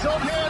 He's on here.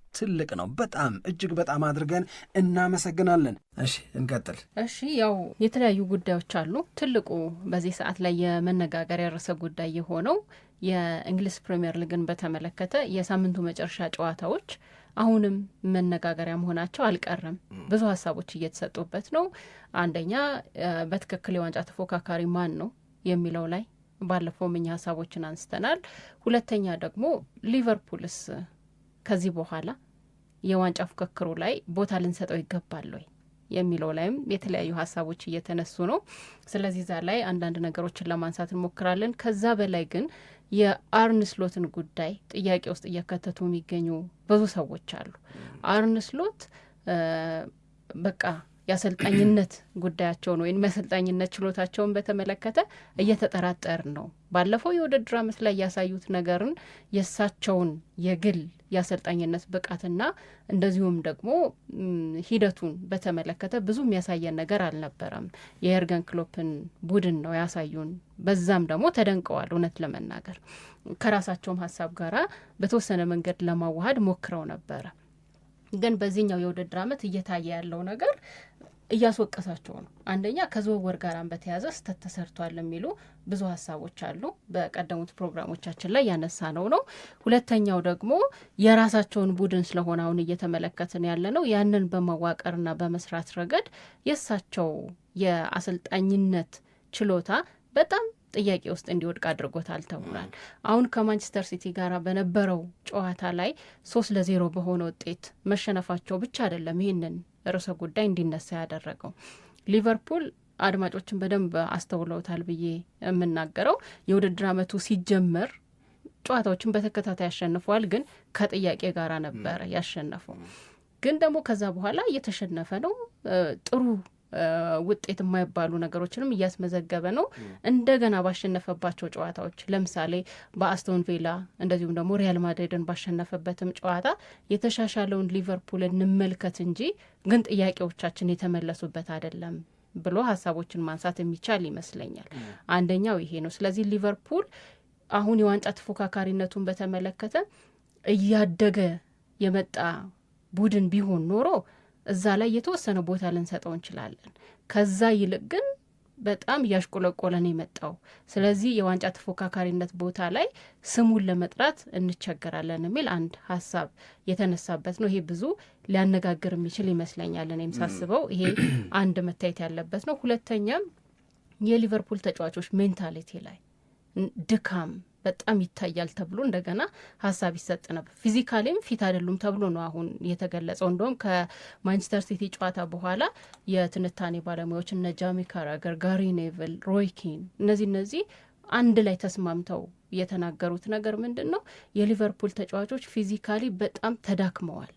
ትልቅ ነው። በጣም እጅግ በጣም አድርገን እናመሰግናለን። እሺ እንቀጥል። እሺ ያው የተለያዩ ጉዳዮች አሉ። ትልቁ በዚህ ሰዓት ላይ የመነጋገር ያረሰ ጉዳይ የሆነው የእንግሊዝ ፕሪምየር ሊግን በተመለከተ የሳምንቱ መጨረሻ ጨዋታዎች አሁንም መነጋገሪያ መሆናቸው አልቀረም። ብዙ ሀሳቦች እየተሰጡበት ነው። አንደኛ በትክክል የዋንጫ ተፎካካሪ ማን ነው የሚለው ላይ ባለፈውም እኛ ሀሳቦችን አንስተናል። ሁለተኛ ደግሞ ሊቨርፑልስ ከዚህ በኋላ የዋንጫ ፉክክሩ ላይ ቦታ ልንሰጠው ይገባል ወይ የሚለው ላይም የተለያዩ ሀሳቦች እየተነሱ ነው። ስለዚህ ዛ ላይ አንዳንድ ነገሮችን ለማንሳት እንሞክራለን። ከዛ በላይ ግን የአርንስሎትን ጉዳይ ጥያቄ ውስጥ እየከተቱ የሚገኙ ብዙ ሰዎች አሉ። አርንስሎት በቃ የአሰልጣኝነት ጉዳያቸውን ወይም የአሰልጣኝነት ችሎታቸውን በተመለከተ እየተጠራጠር ነው። ባለፈው የውድድር ዓመት ላይ ያሳዩት ነገርን የእሳቸውን የግል የአሰልጣኝነት ብቃትና እንደዚሁም ደግሞ ሂደቱን በተመለከተ ብዙ የሚያሳየን ነገር አልነበረም። የኤርገን ክሎፕን ቡድን ነው ያሳዩን። በዛም ደግሞ ተደንቀዋል። እውነት ለመናገር ከራሳቸውም ሀሳብ ጋራ በተወሰነ መንገድ ለማዋሀድ ሞክረው ነበረ። ግን በዚህኛው የውድድር ዓመት እየታየ ያለው ነገር እያስወቀሳቸው ነው። አንደኛ ከዝውውር ጋራም በተያያዘ ስህተት ተሰርቷል የሚሉ ብዙ ሀሳቦች አሉ። በቀደሙት ፕሮግራሞቻችን ላይ ያነሳ ነው ነው። ሁለተኛው ደግሞ የራሳቸውን ቡድን ስለሆነ አሁን እየተመለከትን ያለ ነው። ያንን በማዋቀርና በመስራት ረገድ የእሳቸው የአሰልጣኝነት ችሎታ በጣም ጥያቄ ውስጥ እንዲወድቅ አድርጎታል ተብሏል። አሁን ከማንቸስተር ሲቲ ጋር በነበረው ጨዋታ ላይ ሶስት ለዜሮ በሆነ ውጤት መሸነፋቸው ብቻ አይደለም ይህንን ርዕሰ ጉዳይ እንዲነሳ ያደረገው ሊቨርፑል አድማጮችን በደንብ አስተውለውታል ብዬ የምናገረው የውድድር ዓመቱ ሲጀመር ጨዋታዎችን በተከታታይ ያሸንፈዋል፣ ግን ከጥያቄ ጋር ነበረ ያሸነፈው። ግን ደግሞ ከዛ በኋላ እየተሸነፈ ነው ጥሩ ውጤት የማይባሉ ነገሮችንም እያስመዘገበ ነው። እንደገና ባሸነፈባቸው ጨዋታዎች ለምሳሌ በአስቶን ቪላ እንደዚሁም ደግሞ ሪያል ማድሪድን ባሸነፈበትም ጨዋታ የተሻሻለውን ሊቨርፑል እንመልከት እንጂ ግን ጥያቄዎቻችን የተመለሱበት አይደለም ብሎ ሀሳቦችን ማንሳት የሚቻል ይመስለኛል። አንደኛው ይሄ ነው። ስለዚህ ሊቨርፑል አሁን የዋንጫ ተፎካካሪነቱን በተመለከተ እያደገ የመጣ ቡድን ቢሆን ኖሮ እዛ ላይ የተወሰነ ቦታ ልንሰጠው እንችላለን። ከዛ ይልቅ ግን በጣም እያሽቆለቆለን የመጣው። ስለዚህ የዋንጫ ተፎካካሪነት ቦታ ላይ ስሙን ለመጥራት እንቸገራለን የሚል አንድ ሀሳብ የተነሳበት ነው። ይሄ ብዙ ሊያነጋግር የሚችል ይመስለኛል። እኔም ሳስበው ይሄ አንድ መታየት ያለበት ነው። ሁለተኛም የሊቨርፑል ተጫዋቾች ሜንታሊቲ ላይ ድካም በጣም ይታያል ተብሎ እንደገና ሀሳብ ይሰጥ ነበር። ፊዚካሊም ፊት አይደሉም ተብሎ ነው አሁን የተገለጸው። እንደውም ከማንቸስተር ሲቲ ጨዋታ በኋላ የትንታኔ ባለሙያዎች እነ ጃሚ ካራገር፣ ጋሪ ኔቭል፣ ሮይኪን እነዚህ እነዚህ አንድ ላይ ተስማምተው የተናገሩት ነገር ምንድን ነው? የሊቨርፑል ተጫዋቾች ፊዚካሊ በጣም ተዳክመዋል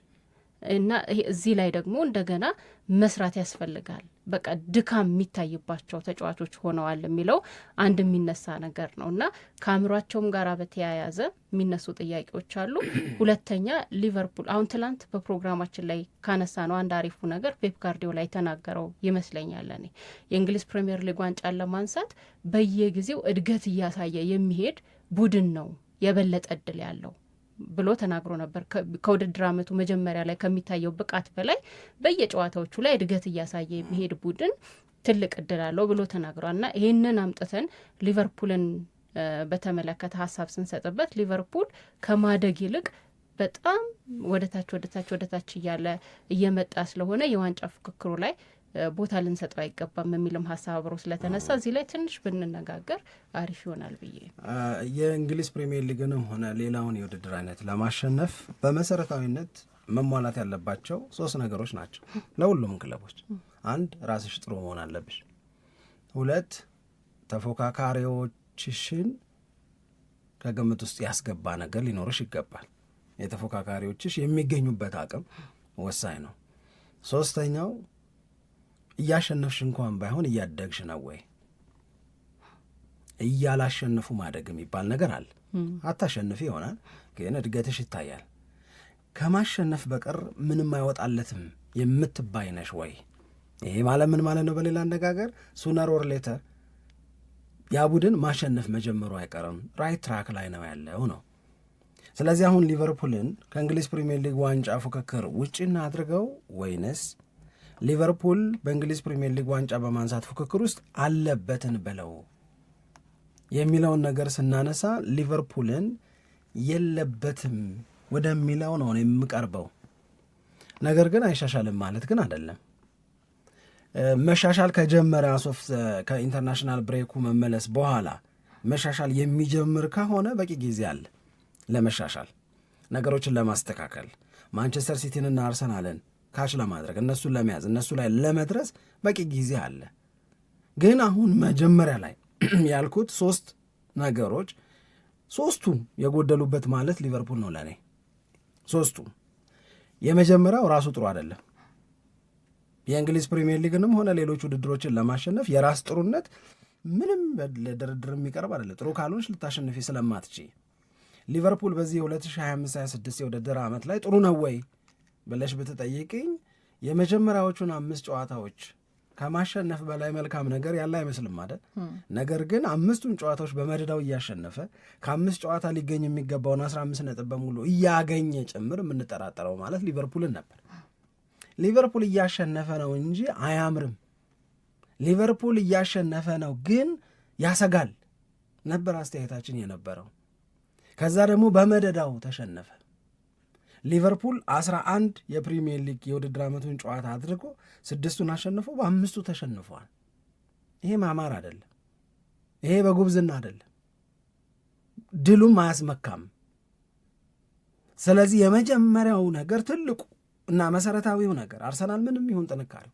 እና እዚህ ላይ ደግሞ እንደገና መስራት ያስፈልጋል። በቃ ድካም የሚታይባቸው ተጫዋቾች ሆነዋል የሚለው አንድ የሚነሳ ነገር ነው እና ከአእምሯቸውም ጋር በተያያዘ የሚነሱ ጥያቄዎች አሉ። ሁለተኛ ሊቨርፑል አሁን ትላንት በፕሮግራማችን ላይ ካነሳ ነው አንድ አሪፉ ነገር ፔፕ ጋርዲዮላ የተናገረው ይመስለኛል። እኔ የእንግሊዝ ፕሪምየር ሊግ ዋንጫን ለማንሳት በየጊዜው እድገት እያሳየ የሚሄድ ቡድን ነው የበለጠ እድል ያለው ብሎ ተናግሮ ነበር። ከውድድር ዓመቱ መጀመሪያ ላይ ከሚታየው ብቃት በላይ በየጨዋታዎቹ ላይ እድገት እያሳየ የሚሄድ ቡድን ትልቅ እድል አለው ብሎ ተናግሯል። እና ይህንን አምጥተን ሊቨርፑልን በተመለከተ ሀሳብ ስንሰጥበት ሊቨርፑል ከማደግ ይልቅ በጣም ወደታች ወደታች ወደታች እያለ እየመጣ ስለሆነ የዋንጫ ፉክክሩ ላይ ቦታ ልንሰጠው አይገባም የሚልም ሀሳብ አብሮ ስለተነሳ እዚህ ላይ ትንሽ ብንነጋገር አሪፍ ይሆናል ብዬ የእንግሊዝ ፕሪሚየር ሊግንም ሆነ ሌላውን የውድድር አይነት ለማሸነፍ በመሰረታዊነት መሟላት ያለባቸው ሶስት ነገሮች ናቸው ለሁሉም ክለቦች። አንድ ራስሽ ጥሩ መሆን አለብሽ። ሁለት ተፎካካሪዎችሽን ከግምት ውስጥ ያስገባ ነገር ሊኖርሽ ይገባል። የተፎካካሪዎችሽ የሚገኙበት አቅም ወሳኝ ነው። ሶስተኛው እያሸነፍሽ እንኳን ባይሆን እያደግሽ ነው ወይ? እያላሸነፉ ማደግ የሚባል ነገር አለ። አታሸንፍ ይሆናል ግን እድገትሽ ይታያል። ከማሸነፍ በቀር ምንም አይወጣለትም የምትባይ ነሽ ወይ? ይሄ ማለት ምን ማለት ነው? በሌላ አነጋገር ሱነር ኦር ሌተር ያ ቡድን ማሸነፍ መጀመሩ አይቀርም። ራይት ትራክ ላይ ነው ያለው ነው። ስለዚህ አሁን ሊቨርፑልን ከእንግሊዝ ፕሪምየር ሊግ ዋንጫ ፉክክር ውጭና አድርገው ወይንስ ሊቨርፑል በእንግሊዝ ፕሪምየር ሊግ ዋንጫ በማንሳት ፉክክር ውስጥ አለበትን ብለው የሚለውን ነገር ስናነሳ ሊቨርፑልን የለበትም ወደሚለው ነው የምቀርበው። ነገር ግን አይሻሻልም ማለት ግን አይደለም። መሻሻል ከጀመረ አሶፍ ከኢንተርናሽናል ብሬኩ መመለስ በኋላ መሻሻል የሚጀምር ከሆነ በቂ ጊዜ አለ ለመሻሻል ነገሮችን ለማስተካከል ማንቸስተር ሲቲንና አርሰናልን ካሽ ለማድረግ እነሱን ለመያዝ እነሱ ላይ ለመድረስ በቂ ጊዜ አለ። ግን አሁን መጀመሪያ ላይ ያልኩት ሶስት ነገሮች ሶስቱ የጎደሉበት ማለት ሊቨርፑል ነው ለእኔ። ሶስቱ። የመጀመሪያው ራሱ ጥሩ አይደለም። የእንግሊዝ ፕሪሚየር ሊግንም ሆነ ሌሎች ውድድሮችን ለማሸነፍ የራስ ጥሩነት ምንም ለድርድር የሚቀርብ አይደለ። ጥሩ ካልሆንሽ ልታሸንፊ ስለማትች ሊቨርፑል በዚህ የ2025/26 የውድድር ዓመት ላይ ጥሩ ነው ወይ ብለሽ ብትጠይቅኝ የመጀመሪያዎቹን አምስት ጨዋታዎች ከማሸነፍ በላይ መልካም ነገር ያለ አይመስልም አይደል? ነገር ግን አምስቱን ጨዋታዎች በመደዳው እያሸነፈ ከአምስት ጨዋታ ሊገኝ የሚገባውን አስራ አምስት ነጥብ በሙሉ እያገኘ ጭምር የምንጠራጠረው ማለት ሊቨርፑልን ነበር። ሊቨርፑል እያሸነፈ ነው እንጂ አያምርም። ሊቨርፑል እያሸነፈ ነው ግን ያሰጋል ነበር አስተያየታችን የነበረው። ከዛ ደግሞ በመደዳው ተሸነፈ። ሊቨርፑል 11 የፕሪሚየር ሊግ የውድድር ዓመቱን ጨዋታ አድርጎ ስድስቱን አሸንፎ በአምስቱ ተሸንፏል። ይሄ ማማር አይደለም። ይሄ በጉብዝና አይደለም። ድሉም አያስመካም። ስለዚህ የመጀመሪያው ነገር ትልቁ እና መሰረታዊው ነገር አርሰናል ምንም ይሁን ጥንካሬው፣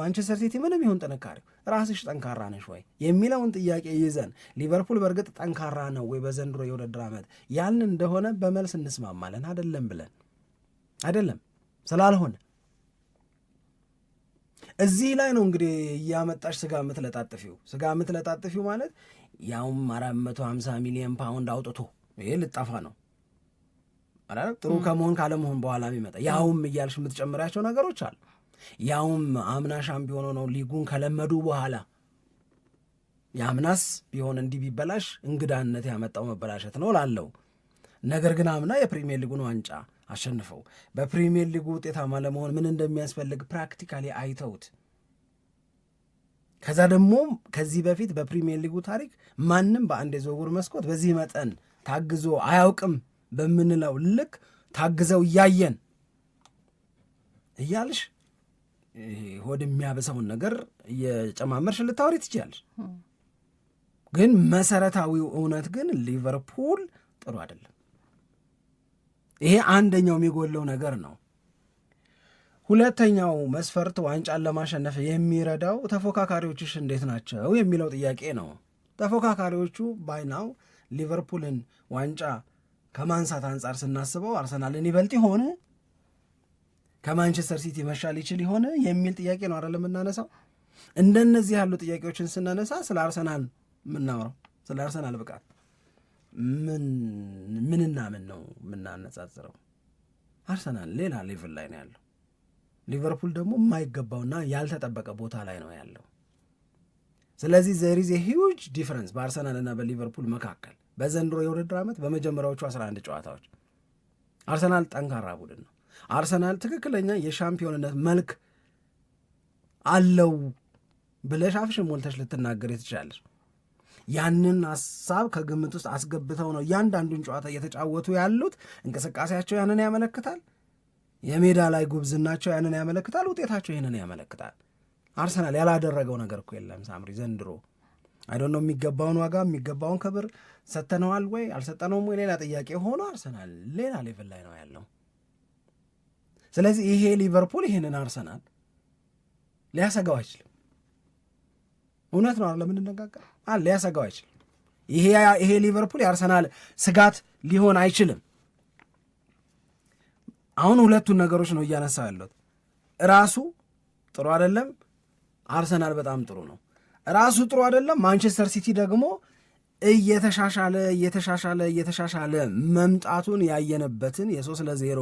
ማንቸስተር ሲቲ ምንም ይሁን ጥንካሬው ራስሽ ጠንካራ ነሽ ወይ የሚለውን ጥያቄ ይዘን ሊቨርፑል በእርግጥ ጠንካራ ነው ወይ በዘንድሮ የውድድር ዓመት ያልን እንደሆነ በመልስ እንስማማለን። አይደለም ብለን አይደለም ስላልሆነ እዚህ ላይ ነው እንግዲህ እያመጣሽ ስጋ የምትለጣጥፊው። ስጋ የምትለጣጥፊው ማለት ያውም አራት ሚሊዮን ፓውንድ አውጥቶ ይህ ልጣፋ ነው ጥሩ ከመሆን ካለመሆን በኋላ የሚመጣ ያውም እያልሽ የምትጨምሪያቸው ነገሮች አሉ። ያውም አምና ሻምፒዮን ሆነው ሊጉን ከለመዱ በኋላ የአምናስ ቢሆን እንዲህ ቢበላሽ እንግዳነት ያመጣው መበላሸት ነው ላለው ነገር ግን አምና የፕሪሚየር ሊጉን ዋንጫ አሸንፈው በፕሪሚየር ሊጉ ውጤታማ ለመሆን ምን እንደሚያስፈልግ ፕራክቲካሊ አይተውት ከዛ ደግሞ ከዚህ በፊት በፕሪሚየር ሊጉ ታሪክ ማንም በአንድ የዝውውር መስኮት በዚህ መጠን ታግዞ አያውቅም በምንለው ልክ ታግዘው እያየን እያልሽ ሆድ የሚያበሳውን ነገር እየጨማመርሽ ልታወሪ ትችያለሽ። ግን መሰረታዊው እውነት ግን ሊቨርፑል ጥሩ አይደለም። ይሄ አንደኛው የሚጎለው ነገር ነው። ሁለተኛው መስፈርት ዋንጫን ለማሸነፍ የሚረዳው ተፎካካሪዎችሽ እንዴት ናቸው የሚለው ጥያቄ ነው። ተፎካካሪዎቹ ባይናው ሊቨርፑልን ዋንጫ ከማንሳት አንጻር ስናስበው አርሰናልን ይበልጥ ይሆን ከማንቸስተር ሲቲ መሻል ይችል ይሆን የሚል ጥያቄ ነው አይደለም የምናነሳው። እንደነዚህ ያሉ ጥያቄዎችን ስናነሳ ስለ አርሰናል የምናወራው ስለ አርሰናል ብቃት ምንና ምን ነው የምናነጻጽረው? አርሰናል ሌላ ሌቭል ላይ ነው ያለው። ሊቨርፑል ደግሞ የማይገባውና ያልተጠበቀ ቦታ ላይ ነው ያለው። ስለዚህ ዘሪዝ ሂውጅ ዲፍረንስ ና በሊቨርፑል መካከል በዘንድሮ የውድድር ዓመት በመጀመሪያዎቹ 11 ጨዋታዎች አርሰናል ጠንካራ ቡድን ነው። አርሰናል ትክክለኛ የሻምፒዮንነት መልክ አለው ብለሽ አፍሽን ሞልተሽ ልትናገር ትችላለች። ያንን ሀሳብ ከግምት ውስጥ አስገብተው ነው እያንዳንዱን ጨዋታ እየተጫወቱ ያሉት። እንቅስቃሴያቸው ያንን ያመለክታል። የሜዳ ላይ ጉብዝናቸው ያንን ያመለክታል። ውጤታቸው ይህንን ያመለክታል። አርሰናል ያላደረገው ነገር እኮ የለም ሳምሪ ዘንድሮ አይዶ ነው የሚገባውን ዋጋ የሚገባውን ክብር ሰተነዋል ወይ አልሰጠነውም ወይ ሌላ ጥያቄ ሆኖ አርሰናል ሌላ ሌቭል ላይ ነው ያለው። ስለዚህ ይሄ ሊቨርፑል ይህንን አርሰናል ሊያሰጋው አይችልም። እውነት ነው አይደለም ሊያሰጋው አይችልም። ይሄ ሊቨርፑል የአርሰናል ስጋት ሊሆን አይችልም። አሁን ሁለቱን ነገሮች ነው እያነሳ ያሉት ራሱ ጥሩ አይደለም፣ አርሰናል በጣም ጥሩ ነው። ራሱ ጥሩ አይደለም። ማንቸስተር ሲቲ ደግሞ እየተሻሻለ እየተሻሻለ እየተሻሻለ መምጣቱን ያየነበትን የሶስት ለዜሮ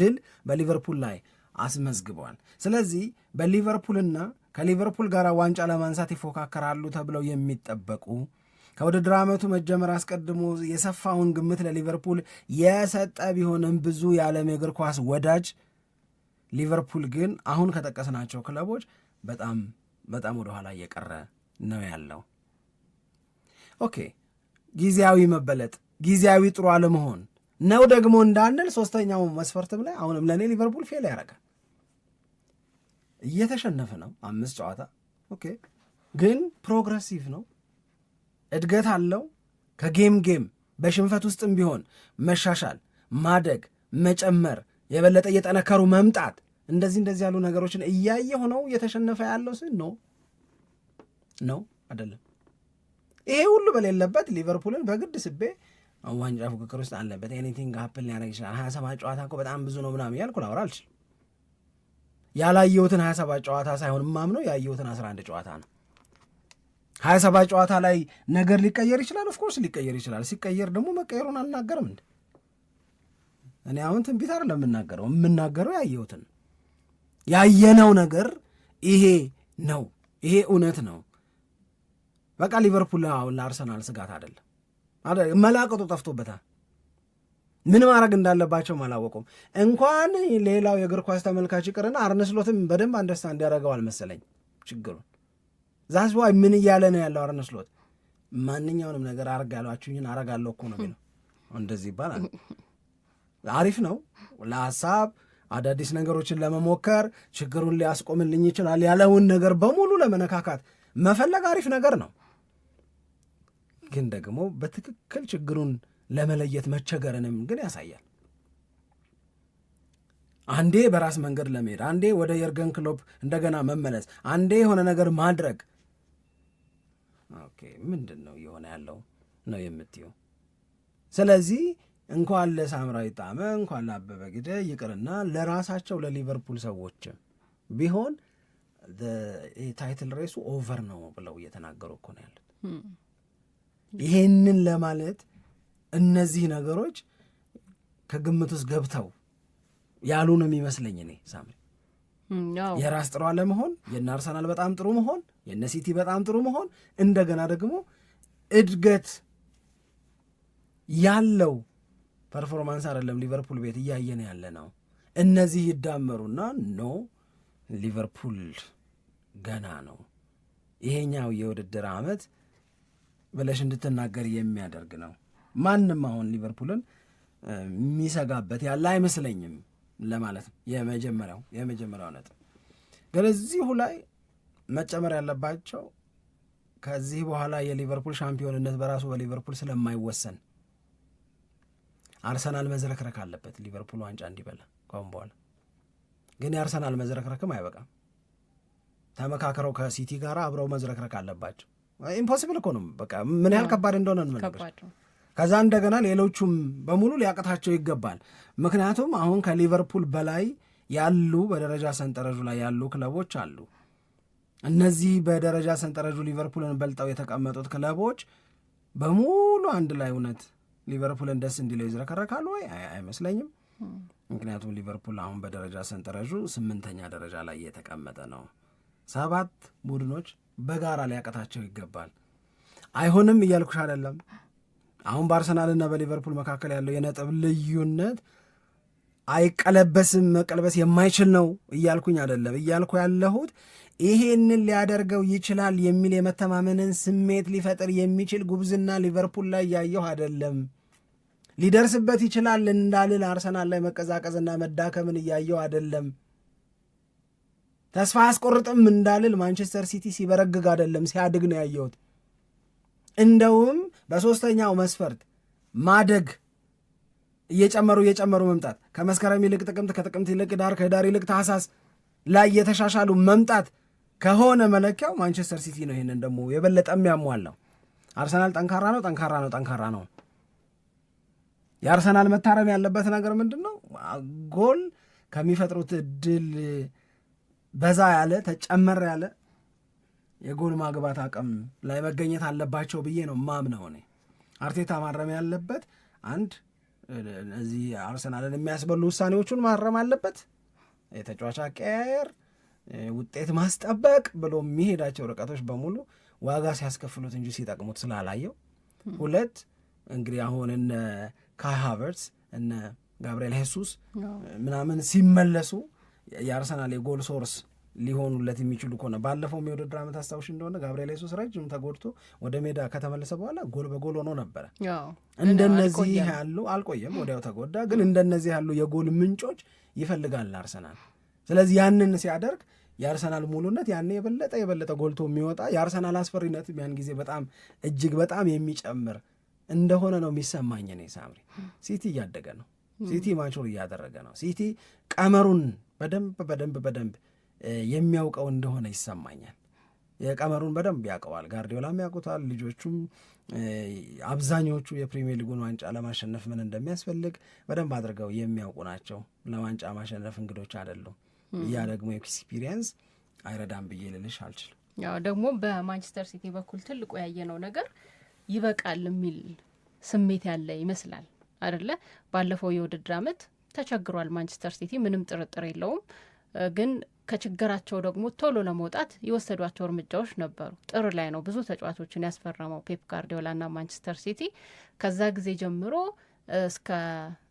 ድል በሊቨርፑል ላይ አስመዝግቧል። ስለዚህ በሊቨርፑልና ከሊቨርፑል ጋር ዋንጫ ለማንሳት ይፎካከራሉ ተብለው የሚጠበቁ ከውድድር ዓመቱ መጀመር አስቀድሞ የሰፋውን ግምት ለሊቨርፑል የሰጠ ቢሆንም ብዙ የዓለም የእግር ኳስ ወዳጅ ሊቨርፑል ግን አሁን ከጠቀስናቸው ክለቦች በጣም በጣም ወደ ኋላ እየቀረ ነው ያለው። ኦኬ ጊዜያዊ መበለጥ፣ ጊዜያዊ ጥሩ አለመሆን ነው ደግሞ እንዳንል ሶስተኛው መስፈርትም ላይ አሁንም ለእኔ ሊቨርፑል ፌል ያደርጋል። እየተሸነፈ ነው አምስት ጨዋታ ኦኬ፣ ግን ፕሮግረሲቭ ነው፣ እድገት አለው። ከጌም ጌም በሽንፈት ውስጥም ቢሆን መሻሻል፣ ማደግ፣ መጨመር፣ የበለጠ እየጠነከሩ መምጣት እንደዚህ እንደዚህ ያሉ ነገሮችን እያየ ሆነው እየተሸነፈ ያለው ስል ነው ነው አይደለም። ይሄ ሁሉ በሌለበት ሊቨርፑልን በግድ ስቤ ዋንጫ ፉክክር ውስጥ አለበት ኤኒቲንግ ሀፕል ሊያደርግ ይችላል። ሀያ ሰባት ጨዋታ እኮ በጣም ብዙ ነው ምናምን እያልኩ ላወራ አልችልም። ያላየሁትን ሀያ ሰባት ጨዋታ ሳይሆን ማምነው ያየሁትን አስራ አንድ ጨዋታ ነው። ሀያ ሰባት ጨዋታ ላይ ነገር ሊቀየር ይችላል። ኦፍኮርስ ሊቀየር ይችላል። ሲቀየር ደግሞ መቀየሩን አልናገርም እንደ እኔ አሁን ትንቢት አይደለም የምናገረው የምናገረው ያየሁትን ያየነው ነገር ይሄ ነው። ይሄ እውነት ነው። በቃ ሊቨርፑል አሁን ለአርሰናል ስጋት አይደለም። መላቀጡ ጠፍቶበታል። ምን ማድረግ እንዳለባቸው አላወቁም። እንኳን ሌላው የእግር ኳስ ተመልካች ይቅርና አርነስሎትም በደንብ አንደርስታንድ ያደረገው አልመሰለኝ ችግሩን። ዛስ ዋይ ምን እያለ ነው ያለው አርነስሎት? ማንኛውንም ነገር አርግ ያሏችሁኝን አረጋለሁ እኮ ነው የሚለው። እንደዚህ ይባላል። አሪፍ ነው ለሀሳብ አዳዲስ ነገሮችን ለመሞከር ችግሩን ሊያስቆምልኝ ይችላል ያለውን ነገር በሙሉ ለመነካካት መፈለግ አሪፍ ነገር ነው። ግን ደግሞ በትክክል ችግሩን ለመለየት መቸገርንም ግን ያሳያል። አንዴ በራስ መንገድ ለመሄድ አንዴ ወደ የርገን ክሎፕ እንደገና መመለስ፣ አንዴ የሆነ ነገር ማድረግ ኦኬ፣ ምንድን ነው እየሆነ ያለው ነው የምትየው። ስለዚህ እንኳን ለሳምራዊ ጣመ እንኳን ለአበበ ግደ ይቅርና ለራሳቸው ለሊቨርፑል ሰዎችም ቢሆን ታይትል ሬሱ ኦቨር ነው ብለው እየተናገሩ እኮ ነው ያሉት። hmm. ይሄንን ለማለት እነዚህ ነገሮች ከግምት ውስጥ ገብተው ያሉ ነው የሚመስለኝ። እኔ ሳምሪ hmm, የራስ ጥሩ አለመሆን፣ የነ አርሰናል በጣም ጥሩ መሆን፣ የነ ሲቲ በጣም ጥሩ መሆን፣ እንደገና ደግሞ እድገት ያለው ፐርፎርማንስ አይደለም ሊቨርፑል ቤት እያየን ያለ ነው። እነዚህ ይዳመሩና ኖ ሊቨርፑል ገና ነው ይሄኛው የውድድር አመት ብለሽ እንድትናገር የሚያደርግ ነው። ማንም አሁን ሊቨርፑልን የሚሰጋበት ያለ አይመስለኝም ለማለት ነው። የመጀመሪያው የመጀመሪያው ነጥብ ግን እዚሁ ላይ መጨመር ያለባቸው ከዚህ በኋላ የሊቨርፑል ሻምፒዮንነት በራሱ በሊቨርፑል ስለማይወሰን አርሰናል መዝረክረክ አለበት ሊቨርፑል ዋንጫ እንዲበላ ካሁን በኋላ ግን የአርሰናል መዝረክረክም አይበቃም። ተመካክረው ከሲቲ ጋር አብረው መዝረክረክ አለባቸው። ኢምፖሲብል እኮ ነው። በቃ ምን ያህል ከባድ እንደሆነ ከዛ እንደገና ሌሎቹም በሙሉ ሊያቅታቸው ይገባል። ምክንያቱም አሁን ከሊቨርፑል በላይ ያሉ በደረጃ ሰንጠረዡ ላይ ያሉ ክለቦች አሉ። እነዚህ በደረጃ ሰንጠረዡ ሊቨርፑልን በልጠው የተቀመጡት ክለቦች በሙሉ አንድ ላይ እውነት ሊቨርፑልን ደስ እንዲለው ይዝረከረካሉ ወይ? አይመስለኝም። ምክንያቱም ሊቨርፑል አሁን በደረጃ ሰንጠረዡ ስምንተኛ ደረጃ ላይ እየተቀመጠ ነው። ሰባት ቡድኖች በጋራ ሊያቀታቸው ይገባል። አይሆንም እያልኩሽ አይደለም። አሁን በአርሰናልና በሊቨርፑል መካከል ያለው የነጥብ ልዩነት አይቀለበስም መቀልበስ የማይችል ነው እያልኩኝ አይደለም። እያልኩ ያለሁት ይሄንን ሊያደርገው ይችላል የሚል የመተማመንን ስሜት ሊፈጥር የሚችል ጉብዝና ሊቨርፑል ላይ ያየሁ አይደለም። ሊደርስበት ይችላል እንዳልል አርሰናል ላይ መቀዛቀዝና መዳከምን እያየሁ አይደለም። ተስፋ አስቆርጥም እንዳልል ማንቸስተር ሲቲ ሲበረግግ አይደለም፣ ሲያድግ ነው ያየሁት። እንደውም በሦስተኛው መስፈርት ማደግ እየጨመሩ እየጨመሩ መምጣት ከመስከረም ይልቅ ጥቅምት፣ ከጥቅምት ይልቅ ዳር፣ ከዳር ይልቅ ታህሳስ ላይ የተሻሻሉ መምጣት ከሆነ መለኪያው ማንቸስተር ሲቲ ነው። ይህንን ደግሞ የበለጠ የሚያሟላው አርሰናል ጠንካራ ነው፣ ጠንካራ ነው፣ ጠንካራ ነው። የአርሰናል መታረም ያለበት ነገር ምንድን ነው? ጎል ከሚፈጥሩት እድል በዛ ያለ ተጨመር ያለ የጎል ማግባት አቅም ላይ መገኘት አለባቸው ብዬ ነው ማምነው። እኔ አርቴታ ማረም ያለበት አንድ እዚህ አርሰናልን የሚያስበሉ ውሳኔዎቹን ማረም አለበት። የተጫዋች አቀያየር፣ ውጤት ማስጠበቅ ብሎ የሚሄዳቸው ርቀቶች በሙሉ ዋጋ ሲያስከፍሉት እንጂ ሲጠቅሙት ስላላየው። ሁለት እንግዲህ አሁን እነ ካይ ሃቨርትስ እነ ጋብርኤል ሄሱስ ምናምን ሲመለሱ የአርሰናል የጎል ሶርስ ሊሆኑለት የሚችሉ ከሆነ ባለፈውም የውድድር ዓመት አስታውሽ እንደሆነ ጋብርኤል ሱስ ረጅም ተጎድቶ ወደ ሜዳ ከተመለሰ በኋላ ጎል በጎል ሆኖ ነበረ። እንደነዚህ ያሉ አልቆየም፣ ወዲያው ተጎዳ። ግን እንደነዚህ ያሉ የጎል ምንጮች ይፈልጋል አርሰናል። ስለዚህ ያንን ሲያደርግ የአርሰናል ሙሉነት ያን የበለጠ የበለጠ ጎልቶ የሚወጣ የአርሰናል አስፈሪነት ያን ጊዜ በጣም እጅግ በጣም የሚጨምር እንደሆነ ነው የሚሰማኝ። እኔ ሳምሪ ሲቲ እያደገ ነው፣ ሲቲ ማቹር እያደረገ ነው፣ ሲቲ ቀመሩን በደንብ በደንብ በደንብ የሚያውቀው እንደሆነ ይሰማኛል። የቀመሩን በደንብ ያውቀዋል፣ ጋርዲዮላም ያውቁታል። ልጆቹም አብዛኞቹ የፕሪሚየር ሊጉን ዋንጫ ለማሸነፍ ምን እንደሚያስፈልግ በደንብ አድርገው የሚያውቁ ናቸው። ለዋንጫ ማሸነፍ እንግዶች አይደሉም። ያ ደግሞ ኤክስፒሪየንስ አይረዳም ብዬ ልልሽ አልችልም። ያው ደግሞ በማንቸስተር ሲቲ በኩል ትልቁ ያየነው ነገር ይበቃል የሚል ስሜት ያለ ይመስላል አደለ? ባለፈው የውድድር ዓመት ተቸግሯል ማንቸስተር ሲቲ ምንም ጥርጥር የለውም። ግን ከችግራቸው ደግሞ ቶሎ ለመውጣት የወሰዷቸው እርምጃዎች ነበሩ። ጥር ላይ ነው ብዙ ተጫዋቾችን ያስፈረመው ፔፕ ጋርዲዮላና ማንቸስተር ሲቲ። ከዛ ጊዜ ጀምሮ እስከ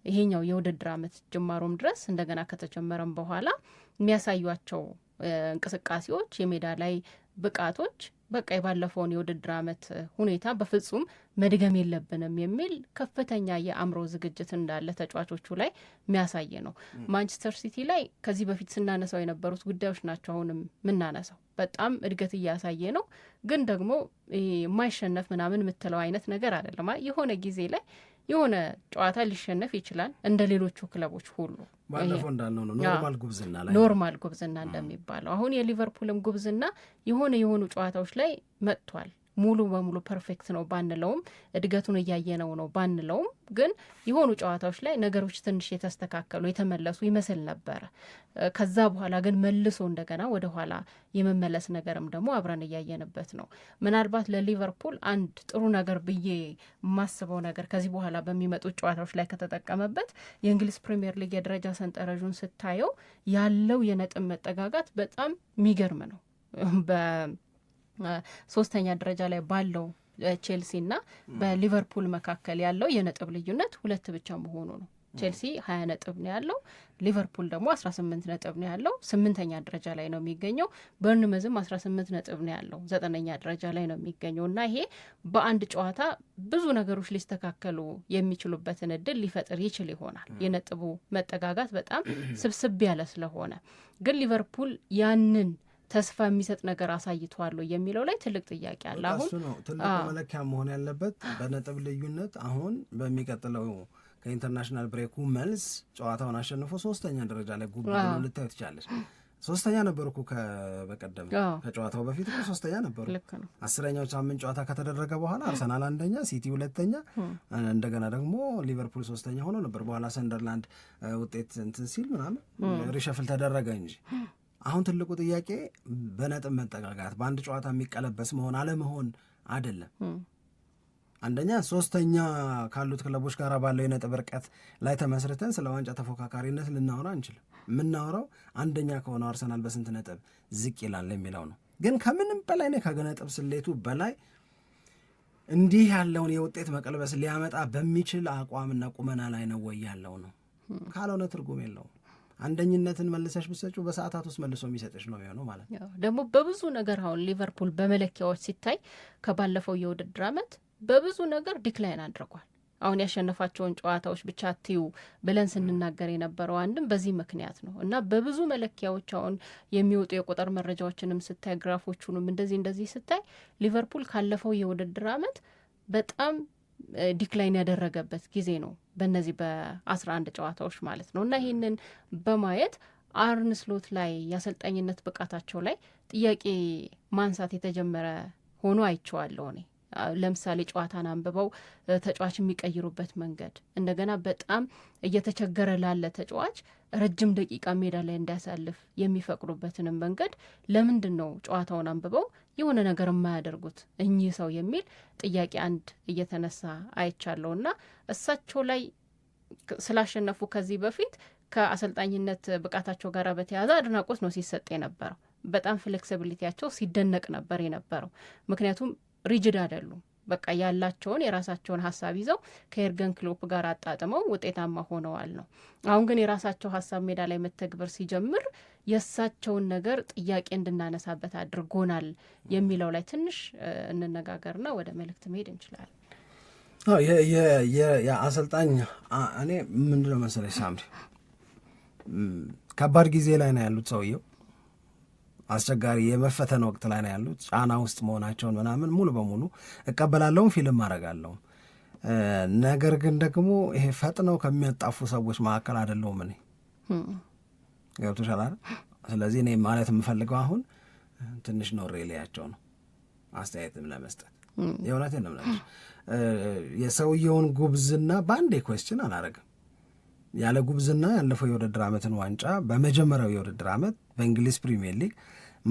ይሄኛው የውድድር አመት ጅማሮም ድረስ እንደገና ከተጀመረም በኋላ የሚያሳዩቸው እንቅስቃሴዎች የሜዳ ላይ ብቃቶች በቃ የባለፈውን የውድድር ዓመት ሁኔታ በፍጹም መድገም የለብንም የሚል ከፍተኛ የአእምሮ ዝግጅት እንዳለ ተጫዋቾቹ ላይ የሚያሳይ ነው። ማንቸስተር ሲቲ ላይ ከዚህ በፊት ስናነሳው የነበሩት ጉዳዮች ናቸው አሁንም የምናነሳው። በጣም እድገት እያሳየ ነው፣ ግን ደግሞ የማይሸነፍ ምናምን የምትለው አይነት ነገር አይደለም የሆነ ጊዜ ላይ የሆነ ጨዋታ ሊሸነፍ ይችላል እንደ ሌሎቹ ክለቦች ሁሉ። ባለፈው እንዳልነው ነው ኖርማል ጉብዝና ላይ ኖርማል ጉብዝና እንደሚባለው አሁን የሊቨርፑልም ጉብዝና የሆነ የሆኑ ጨዋታዎች ላይ መጥቷል። ሙሉ በሙሉ ፐርፌክት ነው ባንለውም እድገቱን እያየነው ነው ባንለውም ግን የሆኑ ጨዋታዎች ላይ ነገሮች ትንሽ የተስተካከሉ የተመለሱ ይመስል ነበረ። ከዛ በኋላ ግን መልሶ እንደገና ወደ ኋላ የመመለስ ነገርም ደግሞ አብረን እያየንበት ነው። ምናልባት ለሊቨርፑል አንድ ጥሩ ነገር ብዬ የማስበው ነገር ከዚህ በኋላ በሚመጡት ጨዋታዎች ላይ ከተጠቀመበት የእንግሊዝ ፕሪምየር ሊግ የደረጃ ሰንጠረዡን ስታየው ያለው የነጥብ መጠጋጋት በጣም የሚገርም ነው። ሶስተኛ ደረጃ ላይ ባለው ቼልሲና በሊቨርፑል መካከል ያለው የነጥብ ልዩነት ሁለት ብቻ መሆኑ ነው። ቼልሲ ሀያ ነጥብ ነው ያለው፣ ሊቨርፑል ደግሞ አስራ ስምንት ነጥብ ነው ያለው። ስምንተኛ ደረጃ ላይ ነው የሚገኘው። በርንመዝም አስራ ስምንት ነጥብ ነው ያለው፣ ዘጠነኛ ደረጃ ላይ ነው የሚገኘው እና ይሄ በአንድ ጨዋታ ብዙ ነገሮች ሊስተካከሉ የሚችሉበትን እድል ሊፈጥር ይችል ይሆናል። የነጥቡ መጠጋጋት በጣም ስብስብ ያለ ስለሆነ ግን ሊቨርፑል ያንን ተስፋ የሚሰጥ ነገር አሳይቷል የሚለው ላይ ትልቅ ጥያቄ አለ። አሁን ነው ትልቁ መለኪያ መሆን ያለበት በነጥብ ልዩነት አሁን በሚቀጥለው ከኢንተርናሽናል ብሬኩ መልስ ጨዋታውን አሸንፎ ሶስተኛ ደረጃ ላይ ጉብ ልታዩ ትችላለች። ሶስተኛ ነበርኩ በቀደም ከጨዋታው በፊት ሶስተኛ ነበሩ። አስረኛው ሳምንት ጨዋታ ከተደረገ በኋላ አርሰናል አንደኛ፣ ሲቲ ሁለተኛ፣ እንደገና ደግሞ ሊቨርፑል ሶስተኛ ሆኖ ነበር። በኋላ ሰንደርላንድ ውጤት እንትን ሲል ምናምን ሪሸፍል ተደረገ እንጂ አሁን ትልቁ ጥያቄ በነጥብ መጠጋጋት በአንድ ጨዋታ የሚቀለበስ መሆን አለመሆን አይደለም። አንደኛ ሶስተኛ ካሉት ክለቦች ጋር ባለው የነጥብ ርቀት ላይ ተመስርተን ስለ ዋንጫ ተፎካካሪነት ልናወራ አንችልም። የምናወራው አንደኛ ከሆነው አርሰናል በስንት ነጥብ ዝቅ ይላል የሚለው ነው። ግን ከምንም በላይ ነው ከነጥብ ስሌቱ በላይ እንዲህ ያለውን የውጤት መቀልበስ ሊያመጣ በሚችል አቋምና ቁመና ላይ ነው ወይ ያለው ነው። ካልሆነ ትርጉም የለውም። አንደኝነትን መልሰሽ ብሰጩ በሰዓታት ውስጥ መልሶ የሚሰጥሽ ነው የሚሆነው ማለት ነው። ደግሞ በብዙ ነገር አሁን ሊቨርፑል በመለኪያዎች ሲታይ ከባለፈው የውድድር ዓመት በብዙ ነገር ዲክላይን አድርጓል። አሁን ያሸነፋቸውን ጨዋታዎች ብቻ ትዩ ብለን ስንናገር የነበረው አንድም በዚህ ምክንያት ነው እና በብዙ መለኪያዎች አሁን የሚወጡ የቁጥር መረጃዎችንም ስታይ ግራፎቹንም እንደዚህ እንደዚህ ስታይ ሊቨርፑል ካለፈው የውድድር ዓመት በጣም ዲክላይን ያደረገበት ጊዜ ነው በእነዚህ በአስራ አንድ ጨዋታዎች ማለት ነው እና ይህንን በማየት አርን ስሎት ላይ የአሰልጣኝነት ብቃታቸው ላይ ጥያቄ ማንሳት የተጀመረ ሆኖ አይቸዋለሁ እኔ ለምሳሌ ጨዋታን አንብበው ተጫዋች የሚቀይሩበት መንገድ እንደገና በጣም እየተቸገረ ላለ ተጫዋች ረጅም ደቂቃ ሜዳ ላይ እንዳያሳልፍ የሚፈቅዱበትንም መንገድ ለምንድን ነው ጨዋታውን አንብበው የሆነ ነገር የማያደርጉት እኚህ ሰው የሚል ጥያቄ አንድ እየተነሳ አይቻለሁ እና እሳቸው ላይ ስላሸነፉ ከዚህ በፊት ከአሰልጣኝነት ብቃታቸው ጋር በተያያዘ አድናቆት ነው ሲሰጥ የነበረው። በጣም ፍሌክሲቢሊቲያቸው ሲደነቅ ነበር የነበረው። ምክንያቱም ሪጅድ አይደሉም። በቃ ያላቸውን የራሳቸውን ሀሳብ ይዘው ከኤርገን ክሎፕ ጋር አጣጥመው ውጤታማ ሆነዋል ነው። አሁን ግን የራሳቸው ሀሳብ ሜዳ ላይ መተግበር ሲጀምር የእሳቸውን ነገር ጥያቄ እንድናነሳበት አድርጎናል የሚለው ላይ ትንሽ እንነጋገርና ወደ መልእክት መሄድ እንችላለን። የአሰልጣኝ እኔ ምንድነው መሰለኝ ሳምሪ ከባድ ጊዜ ላይ ነው ያሉት ሰውየው አስቸጋሪ የመፈተን ወቅት ላይ ነው ያሉት። ጫና ውስጥ መሆናቸውን ምናምን ሙሉ በሙሉ እቀበላለሁም ፊልም አደርጋለሁም። ነገር ግን ደግሞ ይሄ ፈጥነው ከሚያጣፉ ሰዎች መካከል አይደለሁም እኔ ገብቶሻል ስለዚህ እኔ ማለት የምፈልገው አሁን ትንሽ ኖሬ ላያቸው ነው አስተያየትም ለመስጠት የእውነቴን ነው የሰውየውን ጉብዝና በአንዴ ኮስችን አላረግም። ያለ ጉብዝና ያለፈው የውድድር ዓመትን ዋንጫ በመጀመሪያው የውድድር ዓመት በእንግሊዝ ፕሪሚየር ሊግ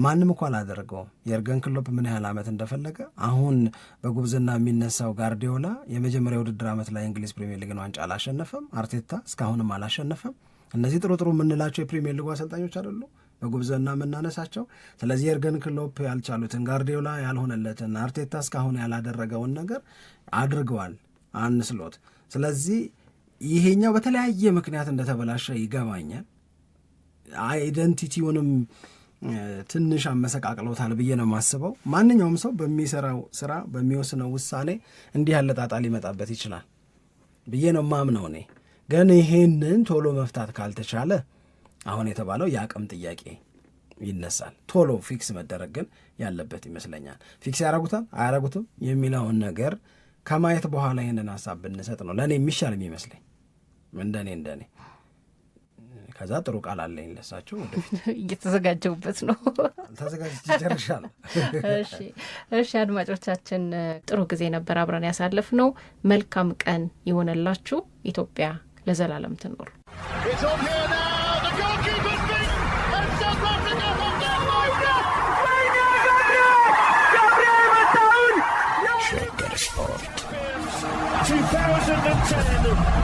ማንም እኮ አላደረገውም። የእርገን ክሎፕ ምን ያህል ዓመት እንደፈለገ አሁን በጉብዝና የሚነሳው ጋርዲዮላ የመጀመሪያ ውድድር ዓመት ላይ እንግሊዝ ፕሪሚየር ሊግን ዋንጫ አላሸነፈም። አርቴታ እስካሁንም አላሸነፈም። እነዚህ ጥሩ ጥሩ የምንላቸው የፕሪሚየር ሊጉ አሰልጣኞች አይደሉ በጉብዝና የምናነሳቸው። ስለዚህ የእርገን ክሎፕ ያልቻሉትን ጋርዲዮላ ያልሆነለትን አርቴታ እስካሁን ያላደረገውን ነገር አድርገዋል አንስሎት። ስለዚህ ይሄኛው በተለያየ ምክንያት እንደተበላሸ ይገባኛል። አይደንቲቲውንም ትንሽ አመሰቃቅለውታል ብዬ ነው የማስበው። ማንኛውም ሰው በሚሰራው ስራ በሚወስነው ውሳኔ እንዲህ ያለ ጣጣ ሊመጣበት ይችላል ብዬ ነው ማምነው እኔ። ግን ይሄንን ቶሎ መፍታት ካልተቻለ አሁን የተባለው የአቅም ጥያቄ ይነሳል። ቶሎ ፊክስ መደረግ ግን ያለበት ይመስለኛል። ፊክስ ያረጉታል አያረጉትም የሚለውን ነገር ከማየት በኋላ ይህንን ሀሳብ ብንሰጥ ነው ለእኔ የሚሻል የሚመስለኝ እንደኔ እንደኔ ከዛ ጥሩ ቃል አለኝ ለሳቸው ወደፊት እየተዘጋጀውበት ነው። ተዘጋጅ ይጨርሻል። እሺ እሺ። አድማጮቻችን ጥሩ ጊዜ ነበር አብረን ያሳለፍ ነው። መልካም ቀን ይሆነላችሁ። ኢትዮጵያ ለዘላለም ትኖር። ሸገር ስፖርት